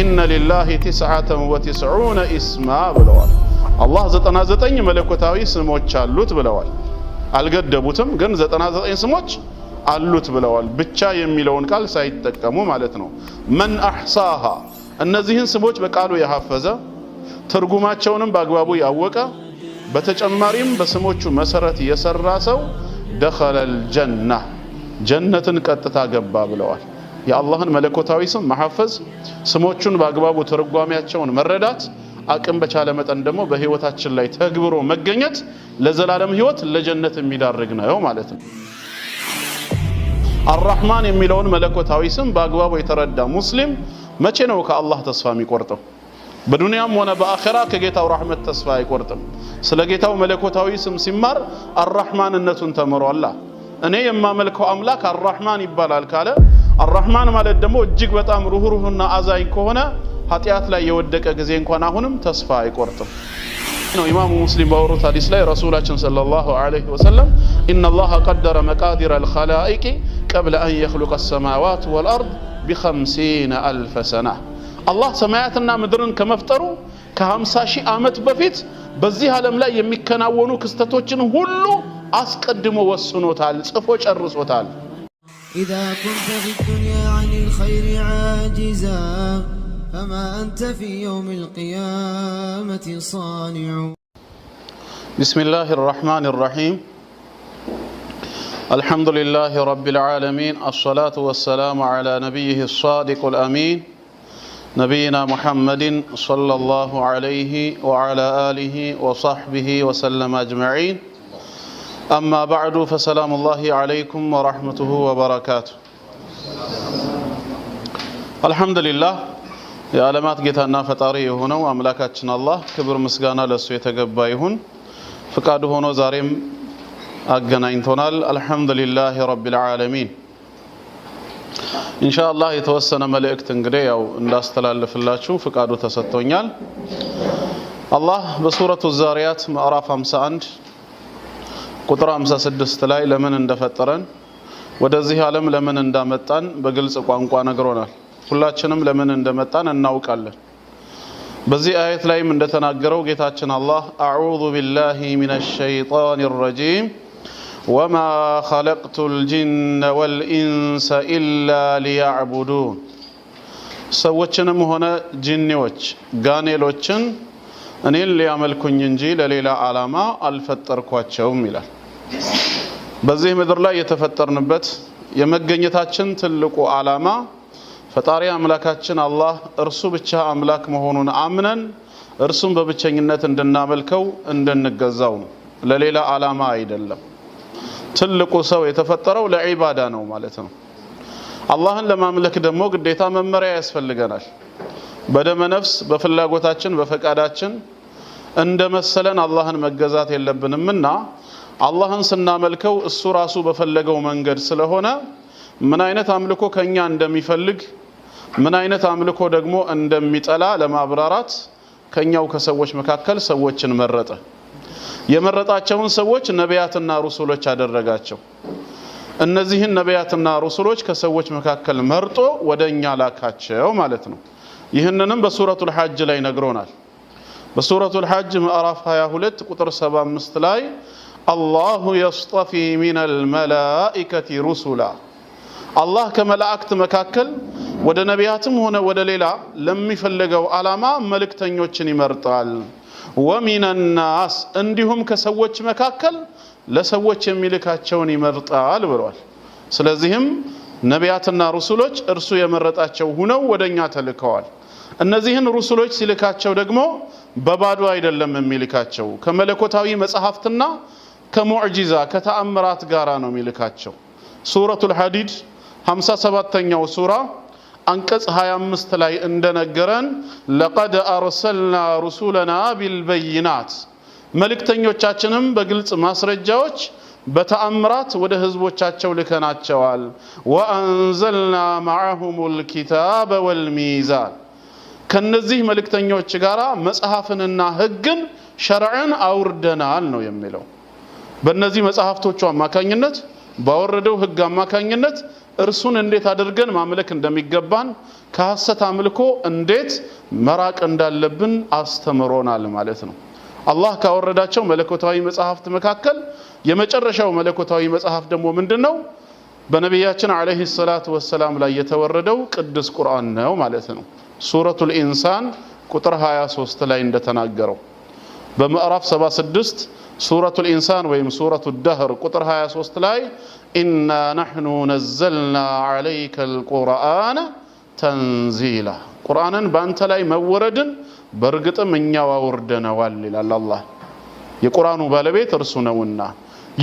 ኢነ ሊላሂ ቲስዓተን ወቲስዑነ ኢስማ ብለዋል። አላህ ዘጠና ዘጠኝ መለኮታዊ ስሞች አሉት ብለዋል። አልገደቡትም፣ ግን ዘጠና ዘጠኝ ስሞች አሉት ብለዋል። ብቻ የሚለውን ቃል ሳይጠቀሙ ማለት ነው። መን አሕሳሃ እነዚህን ስሞች በቃሉ የሐፈዘ ትርጉማቸውንም በአግባቡ ያወቀ በተጨማሪም በስሞቹ መሰረት የሰራ ሰው ደኸለል ጀና ጀነትን ቀጥታ ገባ ብለዋል። የአላህን መለኮታዊ ስም መሐፈዝ፣ ስሞቹን በአግባቡ ትርጓሜያቸውን መረዳት፣ አቅም በቻለ መጠን ደግሞ በህይወታችን ላይ ተግብሮ መገኘት ለዘላለም ህይወት ለጀነት የሚዳርግ ነው ማለት ነው። አራህማን የሚለውን መለኮታዊ ስም በአግባቡ የተረዳ ሙስሊም መቼ ነው ከአላህ ተስፋ የሚቆርጠው? በዱንያም ሆነ በአኼራ ከጌታው ራህመት ተስፋ አይቆርጥም። ስለ ጌታው መለኮታዊ ስም ሲማር አራህማንነቱን ተምሯላ። እኔ የማመልከው አምላክ አራህማን ይባላል ካለ አራህማን ማለት ደግሞ እጅግ በጣም ሩህሩህና አዛኝ ከሆነ ኃጢአት ላይ የወደቀ ጊዜ እንኳን አሁንም ተስፋ አይቆርጥም ነው ኢማሙ ሙስሊም ባወሩት ሀዲስ ላይ ረሱላችን ሰለላሁ ዐለይሂ ወሰለም ኢነ አላህ ቀደረ መቃዲረ አልኸላኢቂ ቀብለ አን የኽሉቀ አሰማዋት ወልአርድ ቢኸምሲነ አልፈ ሰና አላህ ሰማያትና ምድርን ከመፍጠሩ ከሀምሳ ሺህ ዓመት በፊት በዚህ ዓለም ላይ የሚከናወኑ ክስተቶችን ሁሉ አስቀድሞ ወስኖታል ጽፎ ጨርሶታል إذا كنت في الدنيا عن الخير عاجزا فما أنت في يوم القيامة صانع بسم الله الرحمن الرحيم الحمد لله رب العالمين الصلاة والسلام على نبيه الصادق الأمين نبينا محمد صلى الله عليه وعلى آله وصحبه وسلم أجمعين أما بعد فسلام الله عليكم ورحمته وبركاته الحمد لله የዓለማት ጌታና ፈጣሪ የሆነው አምላካችን አላህ ክብር ምስጋና ለእሱ የተገባ ይሁን። ፍቃዱ ሆኖ ዛሬም አገናኝቶናል። አልሐምዱሊላህ ረቢል ዓለሚን። ኢንሻአላህ የተወሰነ መልእክት እንግዲህ ያው እንዳስተላልፍላችሁ ፍቃዱ ተሰጥቶኛል። አላህ በሱረቱ ዛሪያት ምዕራፍ 51 ቁጥር 56 ላይ ለምን እንደፈጠረን ወደዚህ ዓለም ለምን እንዳመጣን በግልጽ ቋንቋ ነግሮናል። ሁላችንም ለምን እንደመጣን እናውቃለን። በዚህ አየት ላይም እንደተናገረው ጌታችን አላህ አዑዙ ቢላሂ ሚነ ሸይጣን ረጂም ወማ ኸለቅቱ ልጅነ ወልኢንሰ ኢላ ሊያዕቡዱን ሰዎችንም ሆነ ጂኒዎች ጋኔሎችን እኔን ሊያመልኩኝ እንጂ ለሌላ ዓላማ አልፈጠርኳቸውም ይላል። በዚህ ምድር ላይ የተፈጠርንበት የመገኘታችን ትልቁ ዓላማ ፈጣሪ አምላካችን አላህ እርሱ ብቻ አምላክ መሆኑን አምነን እርሱን በብቸኝነት እንድናመልከው እንድንገዛው ነው። ለሌላ ዓላማ አይደለም። ትልቁ ሰው የተፈጠረው ለዒባዳ ነው ማለት ነው። አላህን ለማምለክ ደግሞ ግዴታ መመሪያ ያስፈልገናል። በደመ ነፍስ በፍላጎታችን በፈቃዳችን እንደ መሰለን አላህን መገዛት የለብንምና አላህን ስናመልከው እሱ ራሱ በፈለገው መንገድ ስለሆነ ምን አይነት አምልኮ ከኛ እንደሚፈልግ ምን አይነት አምልኮ ደግሞ እንደሚጠላ ለማብራራት ከኛው ከሰዎች መካከል ሰዎችን መረጠ። የመረጣቸውን ሰዎች ነቢያትና ሩሱሎች አደረጋቸው። እነዚህን ነቢያትና ሩሱሎች ከሰዎች መካከል መርጦ ወደ እኛ ላካቸው ማለት ነው። ይህንንም በሱረቱል ሐጅ ላይ ነግሮናል በሱረቱል ሐጅ ምዕራፍ 22 ቁጥር 75 ላይ አላሁ የስጠፊ ሚነል መላኢከቲ ሩሱላ አላህ ከመላእክት መካከል ወደ ነቢያትም ሆነ ወደ ሌላ ለሚፈልገው ዓላማ መልእክተኞችን ይመርጣል ወሚነናስ እንዲሁም ከሰዎች መካከል ለሰዎች የሚልካቸውን ይመርጣል ብሏል ስለዚህም ነቢያትና ሩሱሎች እርሱ የመረጣቸው ሁነው ወደኛ ተልከዋል እነዚህን ሩሱሎች ሲልካቸው ደግሞ በባዶ አይደለም የሚልካቸው ከመለኮታዊ መጽሐፍትና ከሙዕጂዛ ከተአምራት ጋራ ነው የሚልካቸው ሱረቱል ሐዲድ 57ተኛው ሱራ አንቀጽ 25 ላይ እንደነገረን ለቀድ አርሰልና ሩሱለና ቢልበይናት መልእክተኞቻችንም በግልጽ ማስረጃዎች በተአምራት ወደ ህዝቦቻቸው ልከናቸዋል ወአንዘልና ማዕሁም ልኪታበ ወልሚዛን ከነዚህ መልእክተኞች ጋር መጽሐፍንና ህግን ሸርዕን አውርደናል ነው የሚለው። በእነዚህ መጽሐፍቶቹ አማካኝነት ባወረደው ህግ አማካኝነት እርሱን እንዴት አድርገን ማምለክ እንደሚገባን ከሐሰት አምልኮ እንዴት መራቅ እንዳለብን አስተምሮናል ማለት ነው። አላህ ካወረዳቸው መለኮታዊ መጽሐፍት መካከል የመጨረሻው መለኮታዊ መጽሐፍ ደግሞ ምንድን ነው? በነቢያችን አለይሂ ሰላቱ ወሰላም ላይ የተወረደው ቅዱስ ቁርአን ነው ማለት ነው። ሱረቱል ኢንሳን ቁጥር 23 ላይ እንደተናገረው በምዕራፍ 76 ሱረቱል ኢንሳን ወይም ሱረቱ ደህር ቁጥር 23 ላይ ኢና ነሕኑ ነዘልና ዓለይከ ልቁርአን ተንዚላ ቁርአንን በአንተ ላይ መወረድን በእርግጥም እኛው አውርደነዋል ይላል አላህ የቁርአኑ ባለቤት እርሱ ነውና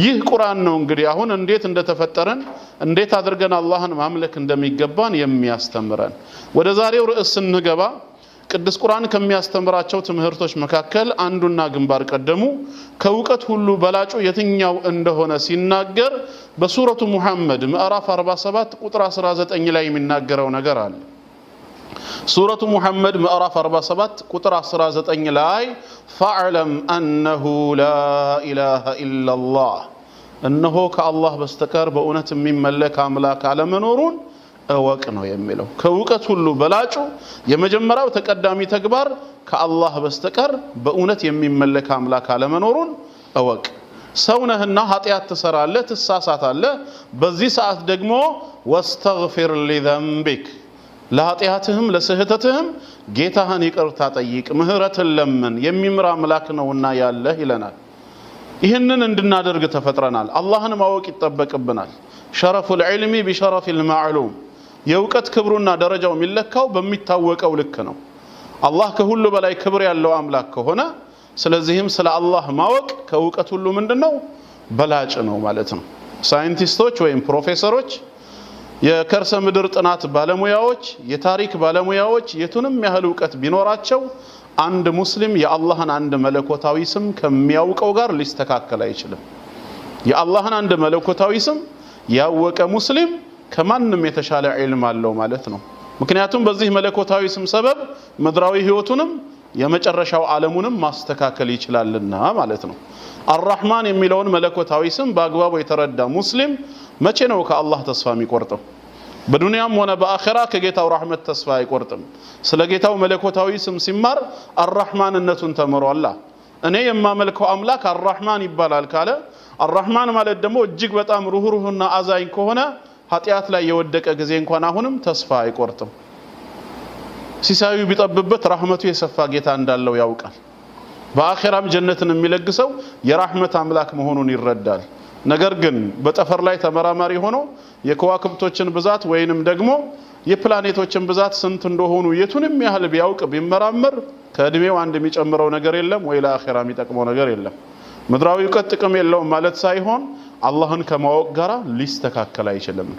ይህ ቁርአን ነው እንግዲህ አሁን እንዴት እንደተፈጠረን እንዴት አድርገን አላህን ማምለክ እንደሚገባን የሚያስተምረን። ወደ ዛሬው ርዕስ ስንገባ ቅዱስ ቁርአን ከሚያስተምራቸው ትምህርቶች መካከል አንዱና ግንባር ቀደሙ ከእውቀት ሁሉ በላጩ የትኛው እንደሆነ ሲናገር በሱረቱ ሙሐመድ ምዕራፍ 47 ቁጥር 19 ላይ የሚናገረው ነገር አለ። سورة محمد مأراف أربع سبات كتر عصر لاي فاعلم أنه لا إله إلا الله أنه كالله بستكر بأونة من ملك عملاك على منورون أوك أنه يميله كوكة اللو بلاجو يمجمرا وتقدامي تكبر كالله بستكار بأونة من ملك عملاك على منورون أوك ሰውነህ እና ኃጢአት ትሰራለህ ትሳሳታለህ በዚህ ሰዓት ደግሞ ወስተግፊር ሊዘንቢክ ለኃጢአትህም ለስህተትህም ጌታህን ይቅርታ ጠይቅ፣ ምህረትን ለምን የሚምር አምላክ ነውና ያለህ ይለናል። ይህንን እንድናደርግ ተፈጥረናል። አላህን ማወቅ ይጠበቅብናል። ሸረፉል ዒልሚ ቢሸረፊል ማዕሉም የእውቀት ክብሩና ደረጃው የሚለካው በሚታወቀው ልክ ነው። አላህ ከሁሉ በላይ ክብር ያለው አምላክ ከሆነ ስለዚህም ስለ አላህ ማወቅ ከእውቀት ሁሉ ምንድነው በላጭ ነው ማለት ነው። ሳይንቲስቶች ወይም ፕሮፌሰሮች የከርሰ ምድር ጥናት ባለሙያዎች፣ የታሪክ ባለሙያዎች የቱንም ያህል እውቀት ቢኖራቸው አንድ ሙስሊም የአላህን አንድ መለኮታዊ ስም ከሚያውቀው ጋር ሊስተካከል አይችልም። የአላህን አንድ መለኮታዊ ስም ያወቀ ሙስሊም ከማንም የተሻለ ዒልም አለው ማለት ነው። ምክንያቱም በዚህ መለኮታዊ ስም ሰበብ ምድራዊ ህይወቱንም የመጨረሻው ዓለሙንም ማስተካከል ይችላልና ማለት ነው። አራህማን የሚለውን መለኮታዊ ስም በአግባቡ የተረዳ ሙስሊም መቼ ነው ከአላህ ተስፋ የሚቆርጠው? በዱንያም ሆነ በአኼራ ከጌታው ራህመት ተስፋ አይቆርጥም። ስለ ጌታው መለኮታዊ ስም ሲማር አራህማንነቱን ተምሯላ። እኔ የማመልከው አምላክ አራህማን ይባላል ካለ አራህማን ማለት ደግሞ እጅግ በጣም ሩህሩህና አዛኝ ከሆነ ኃጢአት ላይ የወደቀ ጊዜ እንኳን አሁንም ተስፋ አይቆርጥም። ሲሳዩ ቢጠብበት ራህመቱ የሰፋ ጌታ እንዳለው ያውቃል። በአኼራም ጀነትን የሚለግሰው የራህመት አምላክ መሆኑን ይረዳል። ነገር ግን በጠፈር ላይ ተመራማሪ ሆኖ የከዋክብቶችን ብዛት ወይንም ደግሞ የፕላኔቶችን ብዛት ስንት እንደሆኑ የቱንም ያህል ቢያውቅ ቢመራመር ከእድሜው አንድ የሚጨምረው ነገር የለም ወይ ለአኼራ የሚጠቅመው ነገር የለም። ምድራዊ እውቀት ጥቅም የለውም ማለት ሳይሆን አላህን ከማወቅ ጋር ሊስተካከል አይችልም።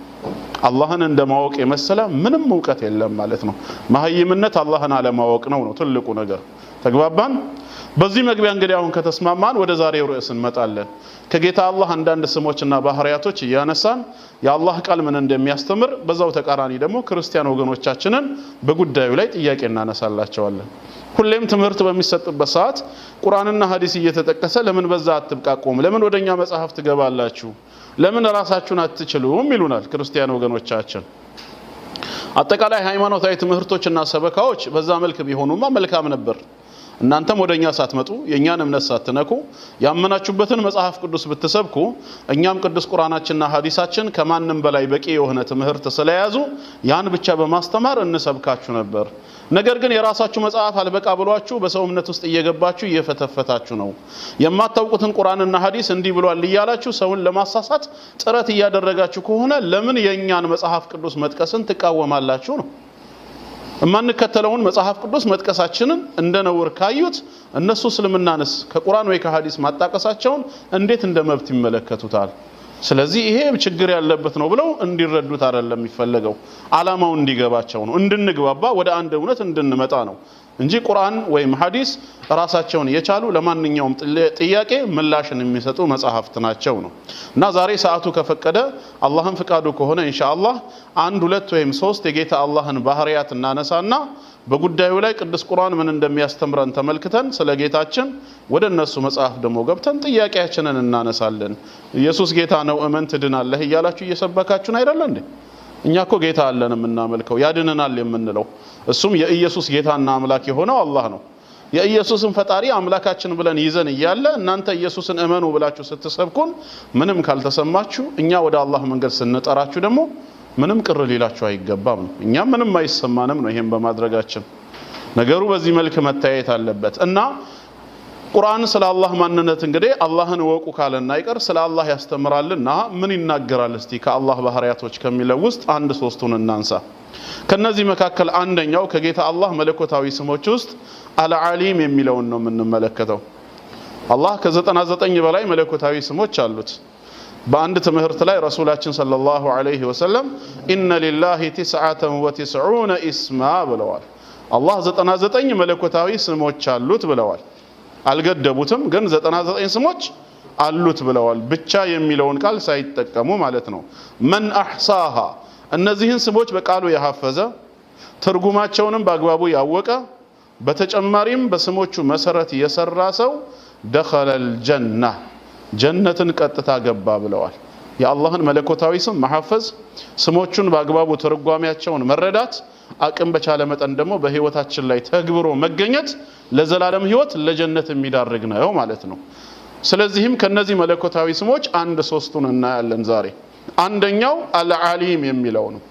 አላህን እንደ ማወቅ የመሰለ ምንም እውቀት የለም ማለት ነው። መሀይምነት አላህን አለማወቅ ነው ነው ትልቁ ነገር። ተግባባን። በዚህ መግቢያ እንግዲህ አሁን ከተስማማን ወደ ዛሬው ርዕስ እንመጣለን። ከጌታ አላህ አንዳንድ ስሞችና ባህሪያቶች እያነሳን የአላህ ቃል ምን እንደሚያስተምር፣ በዛው ተቃራኒ ደግሞ ክርስቲያን ወገኖቻችንን በጉዳዩ ላይ ጥያቄ እናነሳላቸዋለን። ሁሌም ትምህርት በሚሰጥበት ሰዓት ቁርአንና ሀዲስ እየተጠቀሰ ለምን በዛ አትብቃቆም? ለምን ወደኛ መጽሐፍ ትገባላችሁ? ለምን ራሳችሁን አትችሉም? ይሉናል ክርስቲያን ወገኖቻችን። አጠቃላይ ሃይማኖታዊ ትምህርቶችና ሰበካዎች በዛ መልክ ቢሆኑማ መልካም ነበር። እናንተም ወደ እኛ ሳትመጡ የእኛን እምነት ሳትነኩ ያመናችሁበትን መጽሐፍ ቅዱስ ብትሰብኩ እኛም ቅዱስ ቁርአናችንና ሀዲሳችን ከማንም በላይ በቂ የሆነ ትምህርት ስለያዙ ያን ብቻ በማስተማር እንሰብካችሁ ነበር። ነገር ግን የራሳችሁ መጽሐፍ አልበቃ ብሏችሁ በሰው እምነት ውስጥ እየገባችሁ እየፈተፈታችሁ ነው። የማታውቁትን ቁርአንና ሀዲስ እንዲህ ብሏል እያላችሁ ሰውን ለማሳሳት ጥረት እያደረጋችሁ ከሆነ ለምን የእኛን መጽሐፍ ቅዱስ መጥቀስን ትቃወማላችሁ ነው? የማንከተለውን መጽሐፍ ቅዱስ መጥቀሳችንን እንደ ነውር ካዩት እነሱ እስልምናንስ ከቁርአን ወይ ከሐዲስ ማጣቀሳቸውን እንዴት እንደ መብት ይመለከቱታል? ስለዚህ ይሄ ችግር ያለበት ነው ብለው እንዲረዱት አይደለም የሚፈለገው፣ አላማው እንዲገባቸው ነው፣ እንድንግባባ ወደ አንድ እውነት እንድንመጣ ነው። እንጂ ቁርአን ወይም ሐዲስ ራሳቸውን የቻሉ ለማንኛውም ጥያቄ ምላሽን የሚሰጡ መጽሐፍት ናቸው ነው እና ዛሬ ሰዓቱ ከፈቀደ አላህን ፍቃዱ ከሆነ ኢንሻአላህ አንድ ሁለት ወይም ሶስት የጌታ አላህን ባህሪያት እናነሳና በጉዳዩ ላይ ቅዱስ ቁርአን ምን እንደሚያስተምረን ተመልክተን ስለ ጌታችን ወደ እነሱ መጽሐፍ ደግሞ ገብተን ጥያቄያችንን እናነሳለን። ኢየሱስ ጌታ ነው፣ እመን ትድናለህ እያላችሁ እየሰበካችሁን አይደለ እንዴ? እኛ እኮ ጌታ አለን የምናመልከው ያድነናል የምንለው እሱም የኢየሱስ ጌታና አምላክ የሆነው አላህ ነው። የኢየሱስን ፈጣሪ አምላካችን ብለን ይዘን እያለ እናንተ ኢየሱስን እመኑ ብላችሁ ስትሰብኩን ምንም ካልተሰማችሁ፣ እኛ ወደ አላህ መንገድ ስንጠራችሁ ደግሞ ምንም ቅር ሊላችሁ አይገባም። እኛም ምንም አይሰማንም ነው ይሄን በማድረጋችን ነገሩ በዚህ መልክ መታየት አለበት እና ቁርአን ስለ አላህ ማንነት እንግዲህ አላህን ወቁ ካለና አይቀር ስለ አላህ ያስተምራልና ምን ይናገራል? እስቲ ከአላህ ባህሪያቶች ከሚለው ውስጥ አንድ ሶስቱን እናንሳ። ከነዚህ መካከል አንደኛው ከጌታ አላህ መለኮታዊ ስሞች ውስጥ አልዓሊም የሚለውን ነው የምንመለከተው። አላህ ከ99 በላይ መለኮታዊ ስሞች አሉት። በአንድ ትምህርት ላይ ረሱላችን ሰለላሁ ዐለይሂ ወሰለም ኢነ ሊላሂ ቲስዓተን ወቲስዑነ ኢስማ ብለዋል። አላህ 99 መለኮታዊ ስሞች አሉት ብለዋል። አልገደቡትም፣ ግን 99 ስሞች አሉት ብለዋል። ብቻ የሚለውን ቃል ሳይጠቀሙ ማለት ነው። መን አሕሳሃ እነዚህን ስሞች በቃሉ የሐፈዘ ትርጉማቸውንም በአግባቡ ያወቀ በተጨማሪም በስሞቹ መሰረት የሰራ ሰው ደኸለል ጀና ጀነትን ቀጥታ ገባ ብለዋል። የአላህን መለኮታዊ ስም መሐፈዝ፣ ስሞቹን በአግባቡ ትርጓሜያቸውን መረዳት አቅም በቻለ መጠን ደግሞ በህይወታችን ላይ ተግብሮ መገኘት ለዘላለም ህይወት ለጀነት የሚዳርግ ነው ማለት ነው። ስለዚህም ከነዚህ መለኮታዊ ስሞች አንድ ሶስቱን እናያለን ዛሬ። አንደኛው አልዓሊም የሚለው ነው።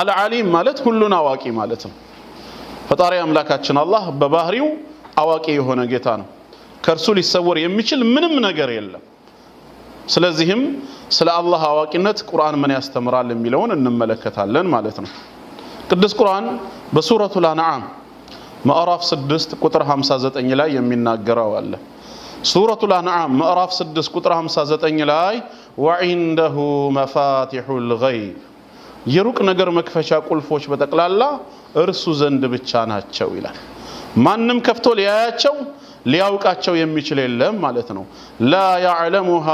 አልዓሊም ማለት ሁሉን አዋቂ ማለት ነው። ፈጣሪ አምላካችን አላህ በባህሪው አዋቂ የሆነ ጌታ ነው። ከእርሱ ሊሰወር የሚችል ምንም ነገር የለም። ስለዚህም ስለ አላህ አዋቂነት ቁርአን ምን ያስተምራል የሚለውን እንመለከታለን ማለት ነው። ቅዱስ ቁርአን በሱረቱ አንዓም ምዕራፍ 6 ቁጥር 59 ላይ የሚናገረው አለ። ሱረቱ አንዓም ምዕራፍ 6 ቁጥር 59 ላይ ወዒንደሁ መፋቲሑል ገይብ የሩቅ ነገር መክፈቻ ቁልፎች በጠቅላላ እርሱ ዘንድ ብቻ ናቸው ይላል። ማንም ከፍቶ ሊያያቸው ሊያውቃቸው የሚችል የለም ማለት ነው። ላ ያዕለሙሃ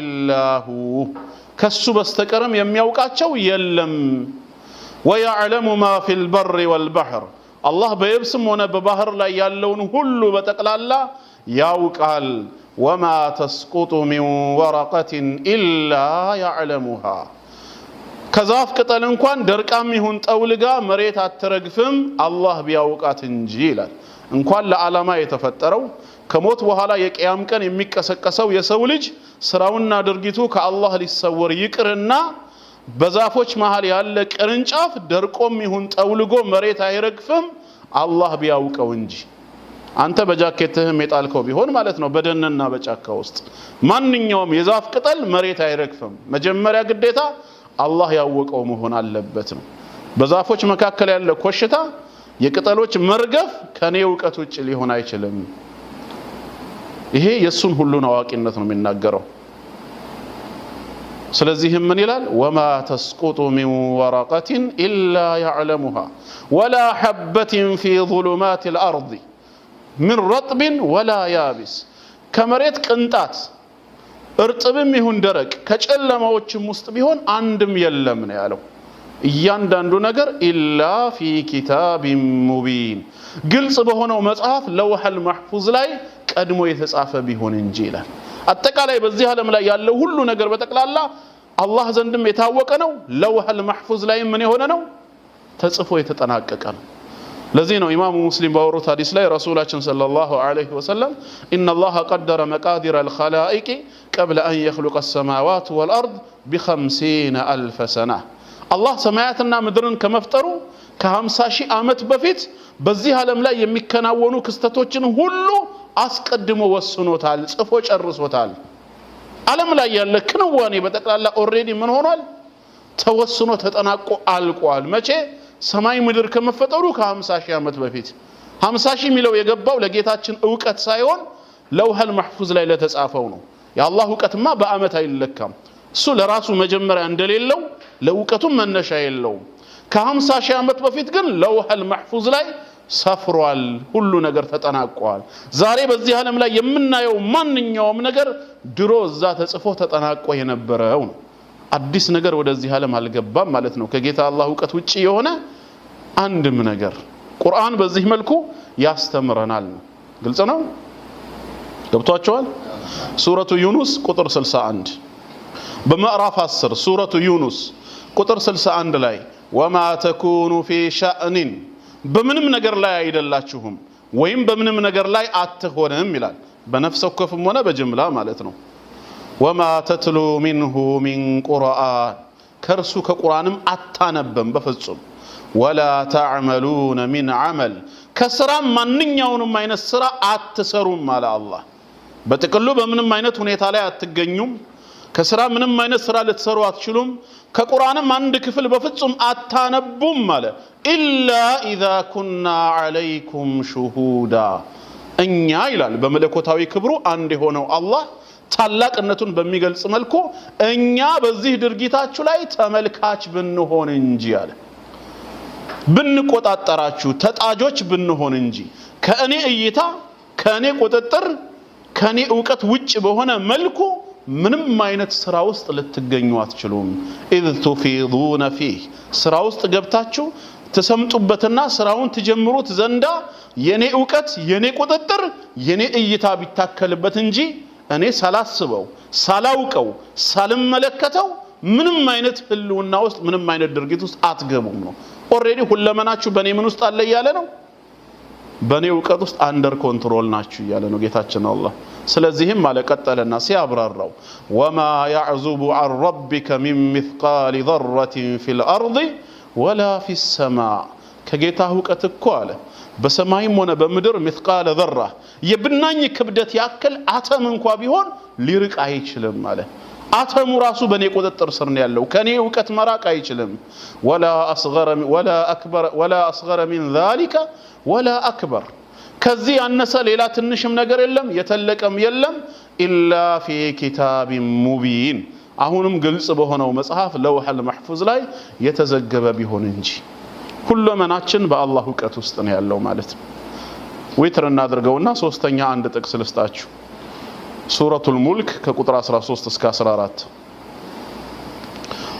ኢላሁ ከሱ በስተቀርም የሚያውቃቸው የለም ويعلم ما في البر والبحر الله بيبسم ونا ببحر لا يالون هلو بتقل الله ياوكال وما تسقط من ورقة إلا يعلمها كذاف قتل انكوان درك امي هون تولغا مريت اترقفم الله بياوكا تنجيلا انكوان لعلماء يتفترو كموت وهالا يك ايام كان يميك سكسو يسولج سراونا درقيتو كالله لسور يكرنا በዛፎች መሃል ያለ ቅርንጫፍ ደርቆም ይሁን ጠውልጎ መሬት አይረግፍም፣ አላህ ቢያውቀው እንጂ። አንተ በጃኬትህም የጣልከው ቢሆን ማለት ነው፣ በደንና በጫካ ውስጥ ማንኛውም የዛፍ ቅጠል መሬት አይረግፍም። መጀመሪያ ግዴታ አላህ ያወቀው መሆን አለበት ነው። በዛፎች መካከል ያለ ኮሽታ፣ የቅጠሎች መርገፍ ከኔ እውቀት ውጭ ሊሆን አይችልም። ይሄ የእሱን ሁሉን አዋቂነት ነው የሚናገረው። ስለዚህም ምን ይላል ወማ ተስቁጡ ሚን ወረቀትን ኢላ ያዕለሙሃ ወላ ሐበትን ፊ ظሉማት ልአርض ምን ረጥብን ወላ ያቢስ ከመሬት ቅንጣት እርጥብም ይሁን ደረቅ ከጨለማዎችም ውስጥ ቢሆን አንድም የለም ነው ያለው እያንዳንዱ ነገር ኢላ ፊ ኪታቢን ሙቢን ግልጽ በሆነው መጽሐፍ ለውሐል ማሕፉዝ ላይ ቀድሞ የተጻፈ ቢሆን እንጂ ይላል አጠቃላይ በዚህ ዓለም ላይ ያለው ሁሉ ነገር በጠቅላላ አላህ ዘንድም የታወቀ ነው ለውሐል መሕፉዝ ላይ ምን የሆነ ነው ተጽፎ የተጠናቀቀ ነው ለዚህ ነው ኢማሙ ሙስሊም ባወሩት ሀዲስ ላይ ረሱላችን ሰለላሁ ዐለይሂ ወሰለም ኢነላሃ ቀደረ መቃዲረ አልኸላኢቂ ቀብለ አን የኽሉቀ አሰማዋት ወልአርድ ቢኸምሲነ አልፈ ሰና አላህ ሰማያትና ምድርን ከመፍጠሩ ከ50 ሺህ ዓመት በፊት በዚህ ዓለም ላይ የሚከናወኑ ክስተቶችን ሁሉ አስቀድሞ ወስኖታል፣ ጽፎ ጨርሶታል። ዓለም ላይ ያለ ክንዋኔ በጠቅላላ ኦሬዲ ምን ሆኗል? ተወስኖ ተጠናቆ አልቋል። መቼ? ሰማይ ምድር ከመፈጠሩ ከ50 ሺህ ዓመት በፊት 50 ሺህ የሚለው የገባው ለጌታችን እውቀት ሳይሆን ለውሃል መሕፉዝ ላይ ለተጻፈው ነው። የአላህ እውቀትማ በአመት አይለካም። እሱ ለራሱ መጀመሪያ እንደሌለው ለእውቀቱም መነሻ የለውም። ከ50 ሺህ ዓመት በፊት ግን ለውሃል መሕፉዝ ላይ ሰፍሯል። ሁሉ ነገር ተጠናቋል። ዛሬ በዚህ ዓለም ላይ የምናየው ማንኛውም ነገር ድሮ እዛ ተጽፎ ተጠናቆ የነበረው ነው። አዲስ ነገር ወደዚህ ዓለም አልገባም ማለት ነው። ከጌታ አላህ እውቀት ውጪ የሆነ አንድም ነገር ቁርአን በዚህ መልኩ ያስተምረናል ነው። ግልጽ ነው። ገብቷቸዋል። ሱረቱ ዩኑስ ቁጥር 61 በምዕራፍ 10 ሱረቱ ዩኑስ ቁጥር 61 ላይ ወማ ተኩኑ ፊ ሸእኒን በምንም ነገር ላይ አይደላችሁም ወይም በምንም ነገር ላይ አትሆንም ይላል። በነፍሰ ወከፍም ሆነ በጅምላ ማለት ነው። ወማ ተትሉ ሚንሁ ሚን ቁርአን ከእርሱ ከቁርአንም አታነበም በፍጹም ወላ ተዕመሉነ ሚን ዐመል ከስራ ማንኛውንም አይነት ስራ አትሰሩም አለ አላህ። በጥቅሉ በምንም አይነት ሁኔታ ላይ አትገኙም። ከስራ ምንም አይነት ስራ ልትሰሩ አትችሉም። ከቁርአንም አንድ ክፍል በፍጹም አታነቡም አለ። ኢላ ኢዛ ኩና አለይኩም ሹሁዳ እኛ ይላል በመለኮታዊ ክብሩ አንድ የሆነው አላህ ታላቅነቱን በሚገልጽ መልኩ እኛ በዚህ ድርጊታችሁ ላይ ተመልካች ብንሆን እንጂ አለ ብንቆጣጠራችሁ፣ ተጣጆች ብንሆን እንጂ ከእኔ እይታ፣ ከእኔ ቁጥጥር፣ ከእኔ እውቀት ውጭ በሆነ መልኩ ምንም አይነት ስራ ውስጥ ልትገኙ አትችሉም። ኢዝ ቱፊዱነ ፊህ ስራ ውስጥ ገብታችሁ ትሰምጡበትና ስራውን ትጀምሩት ዘንዳ የኔ እውቀት፣ የኔ ቁጥጥር፣ የኔ እይታ ቢታከልበት እንጂ እኔ ሳላስበው፣ ሳላውቀው፣ ሳልመለከተው ምንም አይነት ህልውና ውስጥ ምንም አይነት ድርጊት ውስጥ አትገቡም ነው። ኦሬዲ ሁለመናችሁ በእኔ ምን ውስጥ አለ እያለ ነው። በእኔ እውቀት ውስጥ አንደር ኮንትሮል ናችሁ እያለ ነው ጌታችን አላህ። ስለዚህም አለ ቀጠለና ሲያብራራው ወማ ያዕዙቡ አን ረቢከ ሚን ሚትቃሊ ዘረትን ፊል አርድ ወላ ፊ ሰማ ከጌታ እውቀት እኮ አለ በሰማይም ሆነ በምድር ሚስቃለ ዘራ የብናኝ ክብደት ያክል አተም እንኳ ቢሆን ሊርቅ አይችልም አለ። አተሙ ራሱ በኔ ቁጥጥር ስር ነው ያለው። ከኔ እውቀት መራቅ አይችልም። ወላ አስገረ ሚን ዛሊከ ወላ አክበር፣ ከዚህ ያነሰ ሌላ ትንሽም ነገር የለም፣ የተለቀም የለም። ኢላ ፊ ኪታቢን ሙቢን፣ አሁንም ግልጽ በሆነው መጽሐፍ ለውሐል መሕፉዝ ላይ የተዘገበ ቢሆን እንጂ ሁለመናችን በአላህ እውቀት ውስጥ ነው ያለው ማለት ነው። ዊትር እናድርገውና ሶስተኛ አንድ ጥቅስ ልስጣችሁ። ሱረቱል ሙልክ ከቁጥር 13 እስከ 14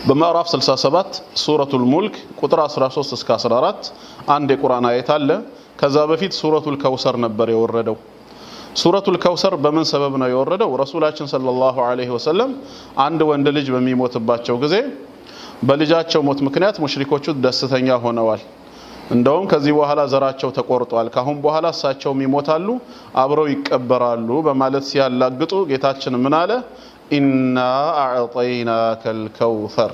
በምዕራፍ 67 ሱረቱል ሙልክ ቁጥር 13 እስከ 14 አንድ የቁርአን አየት አለ። ከዛ በፊት ሱረቱል ከውሰር ነበር የወረደው። ሱረቱል ከውሰር በምን ሰበብ ነው የወረደው? ረሱላችን ሰለላሁ ዐለይሂ ወሰለም አንድ ወንድ ልጅ በሚሞትባቸው ጊዜ በልጃቸው ሞት ምክንያት ሙሽሪኮቹ ደስተኛ ሆነዋል። እንደውም ከዚህ በኋላ ዘራቸው ተቆርጧል፣ ካሁን በኋላ እሳቸውም ይሞታሉ፣ አብረው ይቀበራሉ በማለት ሲያላግጡ ጌታችን ምን አለ? ኢና አዕጠይናከል ከውሰር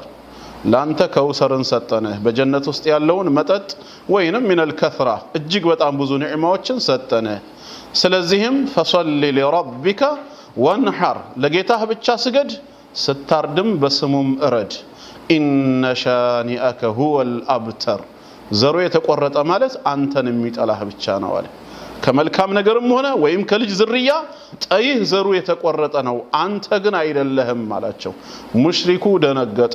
ላንተ ከውሰርን ሰጠንህ፣ በጀነት ውስጥ ያለውን መጠጥ ወይንም ሚነል ከስራ እጅግ በጣም ብዙ ኒዕማዎችን ሰጠንህ። ስለዚህም ፈሰሊ ሊረቢከ ወንሐር ለጌታህ ብቻ ስገድ፣ ስታርድም በስሙም እረድ። ኢነ ሻኒአከ ሁወል አብተር ዘሮ የተቆረጠ ማለት አንተን የሚጠላህ ብቻ ነው አለ። ከመልካም ነገርም ሆነ ወይም ከልጅ ዝርያ ጠይህ ዘሩ የተቆረጠ ነው፣ አንተ ግን አይደለህም አላቸው። ሙሽሪኩ ደነገጠ።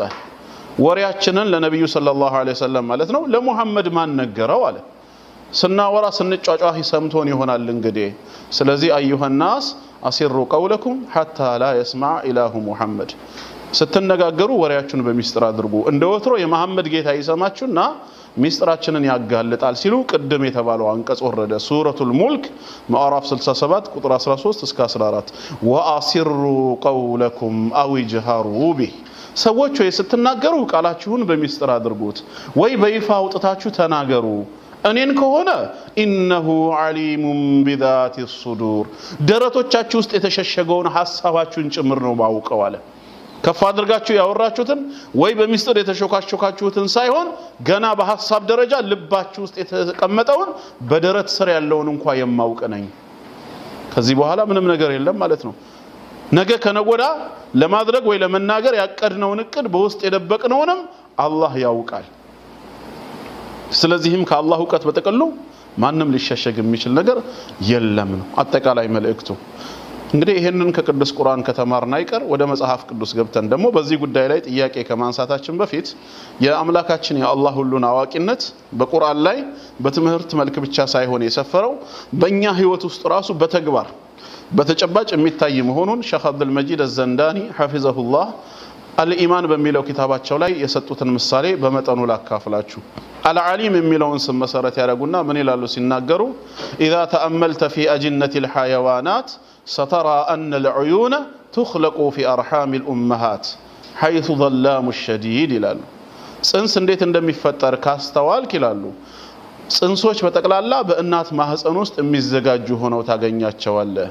ወሬያችንን ለነቢዩ ሰለላሁ ዐለይሂ ወሰለም ማለት ነው ለሙሐመድ ማን ነገረው አለ። ስናወራ ስንጫጫህ ሰምቶን ይሆናል እንግዲህ። ስለዚህ አዩሃ አሲሩ ቀውለኩም ሐታ ላ የስማዕ ኢላሁ ሙሐመድ ስትነጋገሩ ወሬያችሁን በሚስጥር አድርጉ እንደ ወትሮ የመሐመድ ጌታ ይሰማችሁና ሚስጥራችንን ያጋልጣል ሲሉ ቅድም የተባለው አንቀጽ ወረደ። ሱረቱል ሙልክ ማዕራፍ 67 ቁጥር 13 እስከ 14 ወአሲሩ ቀውለኩም አው ጅሃሩ ቢህ ሰዎች ወይ ስትናገሩ ቃላችሁን በሚስጥር አድርጉት ወይ በይፋ አውጥታችሁ ተናገሩ። እኔን ከሆነ ኢነሁ ዓሊሙም ቢዛቲ ሱዱር ደረቶቻችሁ ውስጥ የተሸሸገውን ሐሳባችሁን ጭምር ነው ማውቀው አለ። ከፍ አድርጋችሁ ያወራችሁትን ወይ በሚስጥር የተሾካሾካችሁትን ሳይሆን ገና በሀሳብ ደረጃ ልባችሁ ውስጥ የተቀመጠውን በደረት ስር ያለውን እንኳ የማውቅ ነኝ። ከዚህ በኋላ ምንም ነገር የለም ማለት ነው። ነገ ከነጎዳ ለማድረግ ወይ ለመናገር ያቀድነውን እቅድ በውስጥ የደበቅነውንም አላህ ያውቃል። ስለዚህም ከአላህ እውቀት በጥቅሉ ማንም ሊሸሸግ የሚችል ነገር የለም ነው አጠቃላይ መልእክቱ። እንግዲህ ይህንን ከቅዱስ ቁርአን ከተማርን አይቀር ወደ መጽሐፍ ቅዱስ ገብተን ደግሞ በዚህ ጉዳይ ላይ ጥያቄ ከማንሳታችን በፊት የአምላካችን የአላህ ሁሉን አዋቂነት በቁርአን ላይ በትምህርት መልክ ብቻ ሳይሆን የሰፈረው በእኛ ህይወት ውስጥ ራሱ በተግባር በተጨባጭ የሚታይ መሆኑን ሸህ አብዱልመጂድ አዘንዳኒ ሐፊዘሁላህ አልኢማን በሚለው ኪታባቸው ላይ የሰጡትን ምሳሌ በመጠኑ ላካፍላችሁ። አልዓሊም የሚለውን ስም መሰረት ያደረጉና ምን ይላሉ ሲናገሩ ኢዛ ተአመልተ ፊ አጅነት ልሐይዋናት ሰተራ أن العيون تخلق في أرحام الأمهات حيث ظلام الشديد ይላሉ ጽንስ እንዴት እንደሚፈጠር ካስተዋልክ ይላሉ ጽንሶች በጠቅላላ በእናት ማህፀን ውስጥ የሚዘጋጁ ሆነው ታገኛቸዋለህ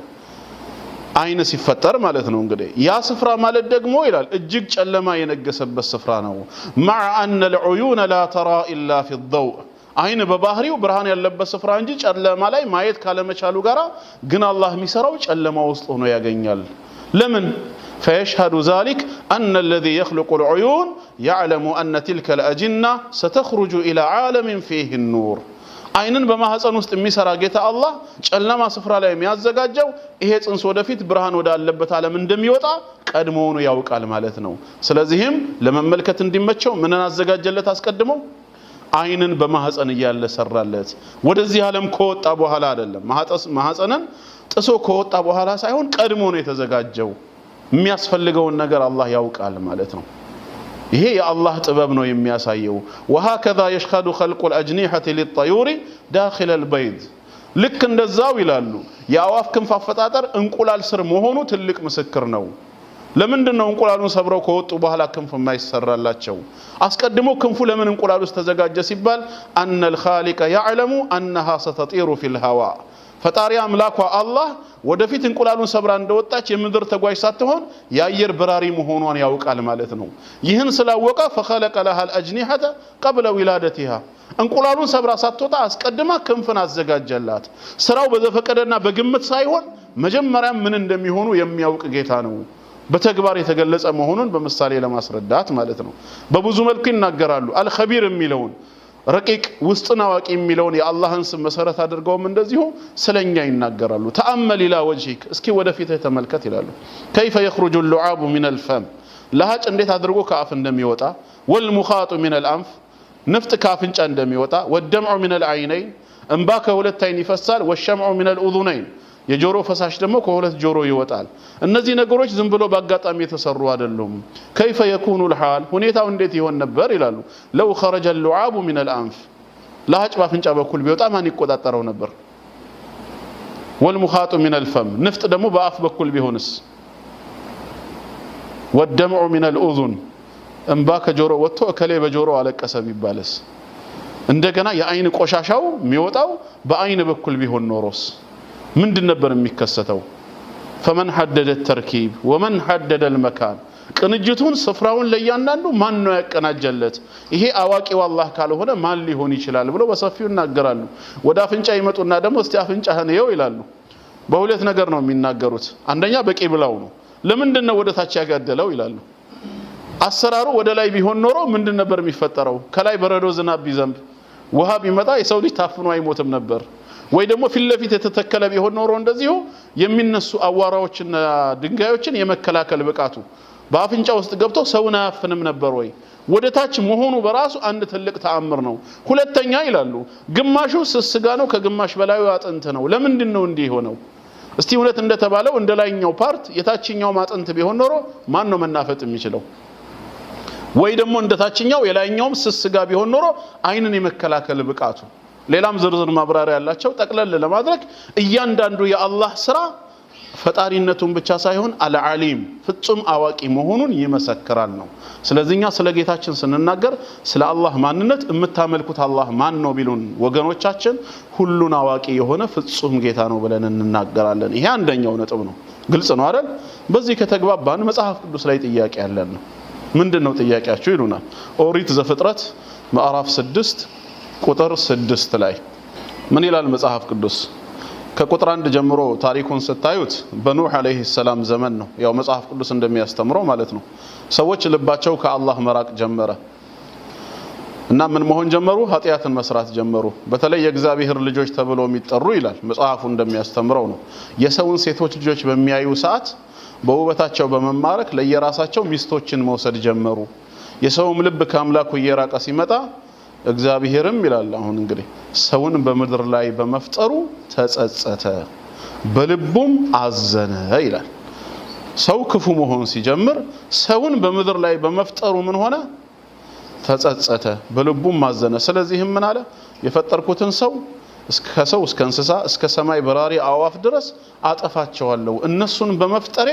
አይን ሲፈጠር ማለት ነው እንግዲህ ያ ስፍራ ማለት ደግሞ ይላል እጅግ ጨለማ የነገሰበት ስፍራ ነው ማዕ አነ ልዑዩነ ላ ተራ ኢላ ፊ ضውእ አይን በባህሪው ብርሃን ያለበት ስፍራ እንጂ ጨለማ ላይ ማየት ካለመቻሉ ጋር ግን አላህ የሚሰራው ጨለማ ውስጥ ሆኖ ያገኛል። ለምን ፈየሽሃዱ ዛሊክ أن الذي يخلق العيون يعلم أن تلك الأجنة ستخرج إلى عالم فيه النور አይንን በማህፀን ውስጥ የሚሰራ ጌታ አላህ ጨለማ ስፍራ ላይ የሚያዘጋጀው ይሄ ጽንስ ወደፊት ብርሃን ወዳለበት ዓለም እንደሚወጣ ቀድሞውኑ ያውቃል ማለት ነው። ስለዚህም ለመመልከት እንዲመቸው ምንን አዘጋጀለት አስቀድሞ አይንን በማህፀን እያለ ሰራለት። ወደዚህ ዓለም ከወጣ በኋላ አይደለም፣ ማህፀንን ጥሶ ከወጣ በኋላ ሳይሆን ቀድሞ ነው የተዘጋጀው። የሚያስፈልገውን ነገር አላህ ያውቃል ማለት ነው። ይሄ የአላህ ጥበብ ነው የሚያሳየው። ወሀከዛ የሽካዱ ኸልቁል አጅኒሐቲ ሊጠዩሪ ዳኺለል በይድ ልክ እንደዛው ይላሉ የአዋፍ ክንፍ አፈጣጠር እንቁላል ስር መሆኑ ትልቅ ምስክር ነው። ለምንድን ነው እንቁላሉን ሰብረው ከወጡ በኋላ ክንፍ የማይሰራላቸው? አስቀድሞ ክንፉ ለምን እንቁላል ውስጥ ተዘጋጀ ሲባል አነል ኻሊቀ ያዕለሙ አነሃ ሰተጢሩ ፊል ሀዋ ፈጣሪ አምላኳ አላህ ወደፊት እንቁላሉን ሰብራ እንደወጣች የምድር ተጓዥ ሳትሆን የአየር በራሪ መሆኗን ያውቃል ማለት ነው። ይህን ስላወቀ ፈኸለቀ ለሃል አጅኒሐተ ቀብለ ዊላደቲሃ እንቁላሉን ሰብራ ሳትወጣ አስቀድማ ክንፍን አዘጋጀላት። ስራው በዘፈቀደና በግምት ሳይሆን መጀመሪያም ምን እንደሚሆኑ የሚያውቅ ጌታ ነው። በተግባር የተገለጸ መሆኑን በምሳሌ ለማስረዳት ማለት ነው። በብዙ መልኩ ይናገራሉ። አልኸቢር የሚለውን ረቂቅ ውስጥን አዋቂ የሚለውን የአላህን ስም መሰረት አድርገውም እንደዚሁ ስለኛ ይናገራሉ። ተአመል ኢላ ወጅሂክ፣ እስኪ ወደፊት ተመልከት ይላሉ። ከይፈ የኽሩጁ ሉዓቡ ሚነል ፈም፣ ለሃጭ እንዴት አድርጎ ከአፍ እንደሚወጣ፣ ወልሙኻጡ ሚነል አንፍ፣ ንፍጥ ከአፍንጫ እንደሚወጣ፣ ወደምዑ ሚነል ዓይነይን፣ እንባ ከሁለት አይን ይፈሳል፣ ወሸምዑ ሚነል ኡዙነይን የጆሮ ፈሳሽ ደግሞ ከሁለት ጆሮ ይወጣል እነዚህ ነገሮች ዝም ብሎ በአጋጣሚ የተሰሩ አይደሉም ከይፈ የኩኑ ልሓል ሁኔታው እንዴት ይሆን ነበር ይላሉ ለው ኸረጀ ልዓቡ ምን ልአንፍ ለሀጭ ባፍንጫ በኩል ቢወጣ ማን ይቆጣጠረው ነበር ወልሙኻጡ ምን ልፈም ንፍጥ ደግሞ በአፍ በኩል ቢሆንስ ወደምዑ ምን ልኡዙን እንባ ከጆሮ ወጥቶ እከሌ በጆሮ አለቀሰ ቢባለስ እንደገና የአይን ቆሻሻው የሚወጣው በአይን በኩል ቢሆን ኖሮስ ምንድን ነበር የሚከሰተው ፈመን ሐደደ ተርኪብ ወመን ሐደደ ልመካን ቅንጅቱን ስፍራውን ለእያንዳንዱ ማን ነው ያቀናጀለት? ይሄ አዋቂው አላህ ካልሆነ ማን ሊሆን ይችላል ብለው በሰፊው ይናገራሉ። ወደ አፍንጫ ይመጡና ደግሞ እስቲ አፍንጫህን የው ይላሉ። በሁለት ነገር ነው የሚናገሩት። አንደኛ በቂ ብላው ነው። ለምንድን ነው ወደ ታች ያጋደለው ይላሉ። አሰራሩ ወደ ላይ ቢሆን ኖሮ ምንድን ነበር የሚፈጠረው? ከላይ በረዶ ዝናብ ቢዘንብ ውሃ ቢመጣ የሰው ልጅ ታፍኖ አይሞትም ነበር። ወይ ደግሞ ፊት ለፊት የተተከለ ቢሆን ኖሮ እንደዚሁ የሚነሱ አዋራዎችና ድንጋዮችን የመከላከል ብቃቱ በአፍንጫ ውስጥ ገብቶ ሰውን አያፍንም ነበር ወይ? ወደ ታች መሆኑ በራሱ አንድ ትልቅ ተአምር ነው። ሁለተኛ ይላሉ ግማሹ ስስጋ ነው፣ ከግማሽ በላዩ አጥንት ነው። ለምንድን ነው እንዲህ ሆነው? እስቲ እውነት እንደተባለው እንደ ላይኛው ፓርት የታችኛው አጥንት ቢሆን ኖሮ ማን ነው መናፈጥ የሚችለው? ወይ ደግሞ እንደ ታችኛው የላይኛውም ስስጋ ቢሆን ኖሮ አይንን የመከላከል ብቃቱ ሌላም ዝርዝር ማብራሪያ ያላቸው ጠቅለል ለማድረግ እያንዳንዱ የአላህ ስራ ፈጣሪነቱን ብቻ ሳይሆን አልዓሊም ፍጹም አዋቂ መሆኑን ይመሰክራል ነው። ስለዚህ እኛ ስለ ጌታችን ስንናገር ስለ አላህ ማንነት የምታመልኩት አላህ ማን ነው ቢሉን ወገኖቻችን ሁሉን አዋቂ የሆነ ፍጹም ጌታ ነው ብለን እንናገራለን። ይሄ አንደኛው ነጥብ ነው። ግልጽ ነው አይደል? በዚህ ከተግባባን መጽሐፍ ቅዱስ ላይ ጥያቄ ያለን ነው። ምንድን ነው ጥያቄያችሁ ይሉናል። ኦሪት ዘፍጥረት ምዕራፍ ስድስት ቁጥር ስድስት ላይ ምን ይላል መጽሐፍ ቅዱስ? ከቁጥር አንድ ጀምሮ ታሪኩን ስታዩት በኑህ አለይሂ ሰላም ዘመን ነው። ያው መጽሐፍ ቅዱስ እንደሚያስተምረው ማለት ነው። ሰዎች ልባቸው ከአላህ መራቅ ጀመረ እና ምን መሆን ጀመሩ? ኃጢአትን መስራት ጀመሩ። በተለይ የእግዚአብሔር ልጆች ተብሎ የሚጠሩ ይላል መጽሐፉ እንደሚያስተምረው ነው የሰውን ሴቶች ልጆች በሚያዩ ሰዓት በውበታቸው በመማረክ ለየራሳቸው ሚስቶችን መውሰድ ጀመሩ። የሰውም ልብ ከአምላኩ እየራቀ ሲመጣ እግዚአብሔርም ይላል አሁን እንግዲህ ሰውን በምድር ላይ በመፍጠሩ ተጸጸተ፣ በልቡም አዘነ ይላል። ሰው ክፉ መሆን ሲጀምር ሰውን በምድር ላይ በመፍጠሩ ምን ሆነ? ተጸጸተ፣ በልቡም አዘነ። ስለዚህም ምን አለ? የፈጠርኩትን ሰው ሰው እስከ እንስሳ እስከ ሰማይ በራሪ አዋፍ ድረስ አጠፋቸዋለሁ እነሱን በመፍጠሬ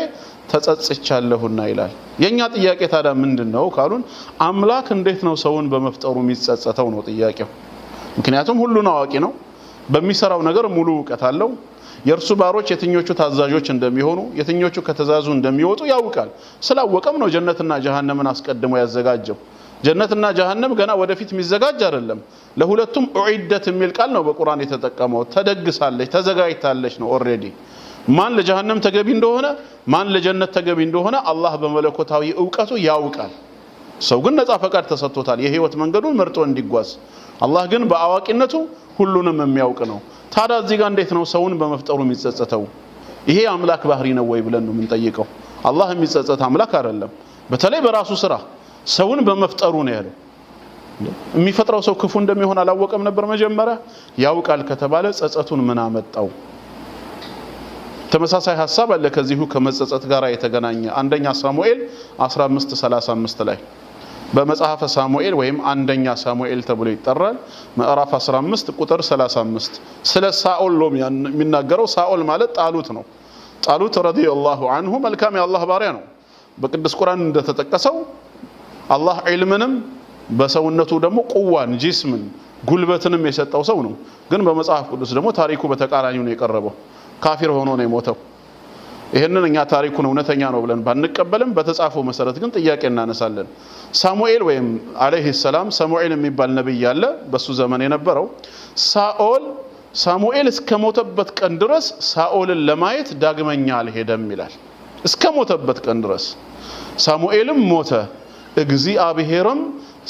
ተጸጽቻለሁና ይላል። የኛ ጥያቄ ታዲያ ምንድን ነው ካሉን፣ አምላክ እንዴት ነው ሰውን በመፍጠሩ የሚጸጸተው ነው ጥያቄው። ምክንያቱም ሁሉን አዋቂ ነው፣ በሚሰራው ነገር ሙሉ እውቀት አለው። የእርሱ ባሮች የትኞቹ ታዛዦች እንደሚሆኑ የትኞቹ ከተዛዙ እንደሚወጡ ያውቃል። ስላወቀም ነው ጀነትና ጀሃነምን አስቀድሞ ያዘጋጀው። ጀነትና ጀሀነም ገና ወደፊት የሚዘጋጅ አይደለም። ለሁለቱም ኡዒደት የሚል ቃል ነው በቁርአን የተጠቀመው። ተደግሳለች፣ ተዘጋጅታለች ነው ኦልሬዲ። ማን ለጀሀነም ተገቢ እንደሆነ ማን ለጀነት ተገቢ እንደሆነ አላህ በመለኮታዊ እውቀቱ ያውቃል። ሰው ግን ነፃ ፈቃድ ተሰጥቶታል የህይወት መንገዱን መርጦ እንዲጓዝ። አላህ ግን በአዋቂነቱ ሁሉንም የሚያውቅ ነው። ታዲያ እዚህ ጋር እንዴት ነው ሰውን በመፍጠሩ የሚጸጸተው? ይሄ አምላክ ባህሪ ነው ወይ ብለን ነው የምንጠይቀው። አላህ የሚጸጸት አምላክ አይደለም፣ በተለይ በራሱ ስራ ሰውን በመፍጠሩ ነው ያለው። የሚፈጥረው ሰው ክፉ እንደሚሆን አላወቀም ነበር መጀመሪያ? ያውቃል ከተባለ ጸጸቱን ምን አመጣው? ተመሳሳይ ሀሳብ አለ ከዚሁ ከመጸጸት ጋር የተገናኘ አንደኛ ሳሙኤል 15:35 ላይ በመጽሐፈ ሳሙኤል ወይም አንደኛ ሳሙኤል ተብሎ ይጠራል። ምዕራፍ 15 ቁጥር 35 ስለ ሳኦል ነው የሚናገረው። ሳኦል ማለት ጣሉት ነው። ጣሉት ረዲየላሁ አንሁ መልካም የአላህ ባሪያ ነው። በቅዱስ ቁርአን እንደተጠቀሰው አላህ ዒልምንም በሰውነቱ ደግሞ ቁዋን ጂስምን ጉልበትንም የሰጠው ሰው ነው። ግን በመጽሐፍ ቅዱስ ደግሞ ታሪኩ በተቃራኒው ነው የቀረበው። ካፊር ሆኖ ነው የሞተው። ይህንን እኛ ታሪኩን እውነተኛ ነው ብለን ባንቀበልም በተጻፈው መሰረት ግን ጥያቄ እናነሳለን። ሳሙኤል ወይም አለይሂ ሰላም ሳሙኤል የሚባል ነብይ ያለ በሱ ዘመን የነበረው ሳኦል ሳሙኤል እስከ ሞተበት ቀን ድረስ ሳኦልን ለማየት ዳግመኛ አልሄደም ይላል። እስከ ሞተበት ቀን ድረስ ሳሙኤልም ሞተ። እግዚአብሔርም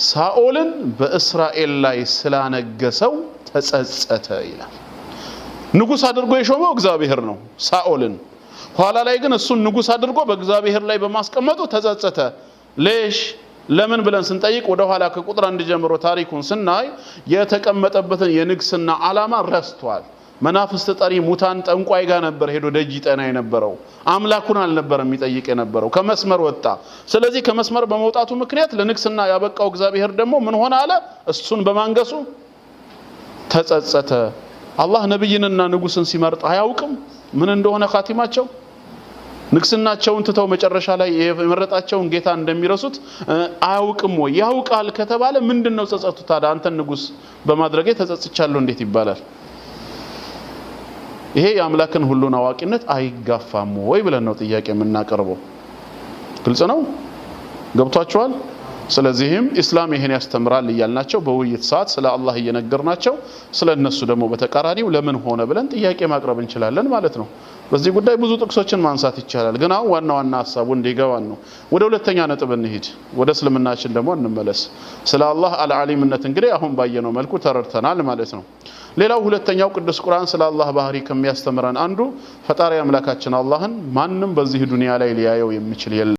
ሳኦልን በእስራኤል ላይ ስላነገሰው ተጸጸተ ይላል። ንጉስ አድርጎ የሾመው እግዚአብሔር ነው ሳኦልን። ኋላ ላይ ግን እሱን ንጉስ አድርጎ በእግዚአብሔር ላይ በማስቀመጡ ተጸጸተ። ሌሽ ለምን ብለን ስንጠይቅ ወደ ኋላ ከቁጥር አንድ ጀምሮ ታሪኩን ስናይ የተቀመጠበትን የንግስና ዓላማ ረስቷል። መናፍስት ጠሪ ሙታን ጠንቋይ ጋር ነበር ሄዶ ደጅ ይጠና የነበረው። አምላኩን አልነበረ የሚጠይቅ የነበረው። ከመስመር ወጣ። ስለዚህ ከመስመር በመውጣቱ ምክንያት ለንግስና ያበቃው እግዚአብሔር ደግሞ ምን ሆነ አለ? እሱን በማንገሱ ተጸጸተ። አላህ ነብይንና ንጉስን ሲመርጥ አያውቅም ምን እንደሆነ ካቲማቸው ንግስናቸውን ትተው መጨረሻ ላይ የመረጣቸውን ጌታ እንደሚረሱት አያውቅም ወይ? ያውቃል ከተባለ ምንድን ነው ጸጸቱ ታዲያ? አንተን ንጉስ በማድረጌ ተጸጽቻለሁ እንዴት ይባላል? ይሄ የአምላክን ሁሉን አዋቂነት አይጋፋም ወይ ብለን ነው ጥያቄ የምናቀርበው። ግልጽ ነው፣ ገብቷቸዋል? ስለዚህም ኢስላም ይሄን ያስተምራል እያልናቸው በውይይት ሰዓት ስለ አላህ እየነገርናቸው ስለ እነሱ ደግሞ በተቃራኒው ለምን ሆነ ብለን ጥያቄ ማቅረብ እንችላለን ማለት ነው። በዚህ ጉዳይ ብዙ ጥቅሶችን ማንሳት ይቻላል፣ ግን አሁን ዋና ዋና ሀሳቡ እንዲገባን ነው። ወደ ሁለተኛ ነጥብ እንሂድ፣ ወደ እስልምናችን ደግሞ እንመለስ። ስለ አላህ አልዓሊምነት እንግዲህ አሁን ባየነው መልኩ ተረድተናል ማለት ነው። ሌላው ሁለተኛው ቅዱስ ቁርአን ስለ አላህ ባህሪ ከሚያስተምረን አንዱ ፈጣሪ አምላካችን አላህን ማንም በዚህ ዱንያ ላይ ሊያየው የሚችል የለም።